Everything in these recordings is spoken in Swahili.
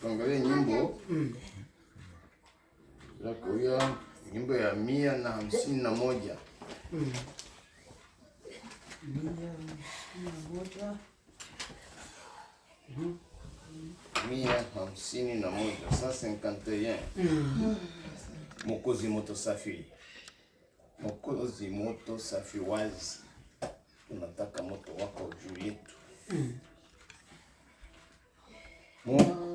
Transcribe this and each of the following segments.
tuangalie nyimbo za kulia, nyimbo ya mia na hamsini na moja. Mia hamsini na moja. Sasa nkanteyen Mokozi moto safi, Mokozi moto safi wazi, unataka moto wako juu yetu. Um.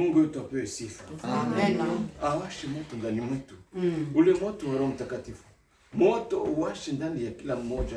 Mungu wetu apewe sifa. Amen. Awashe moto ndani mwetu mm. Ule moto wa Roho Mtakatifu, moto uwashe ndani ya kila mmoja.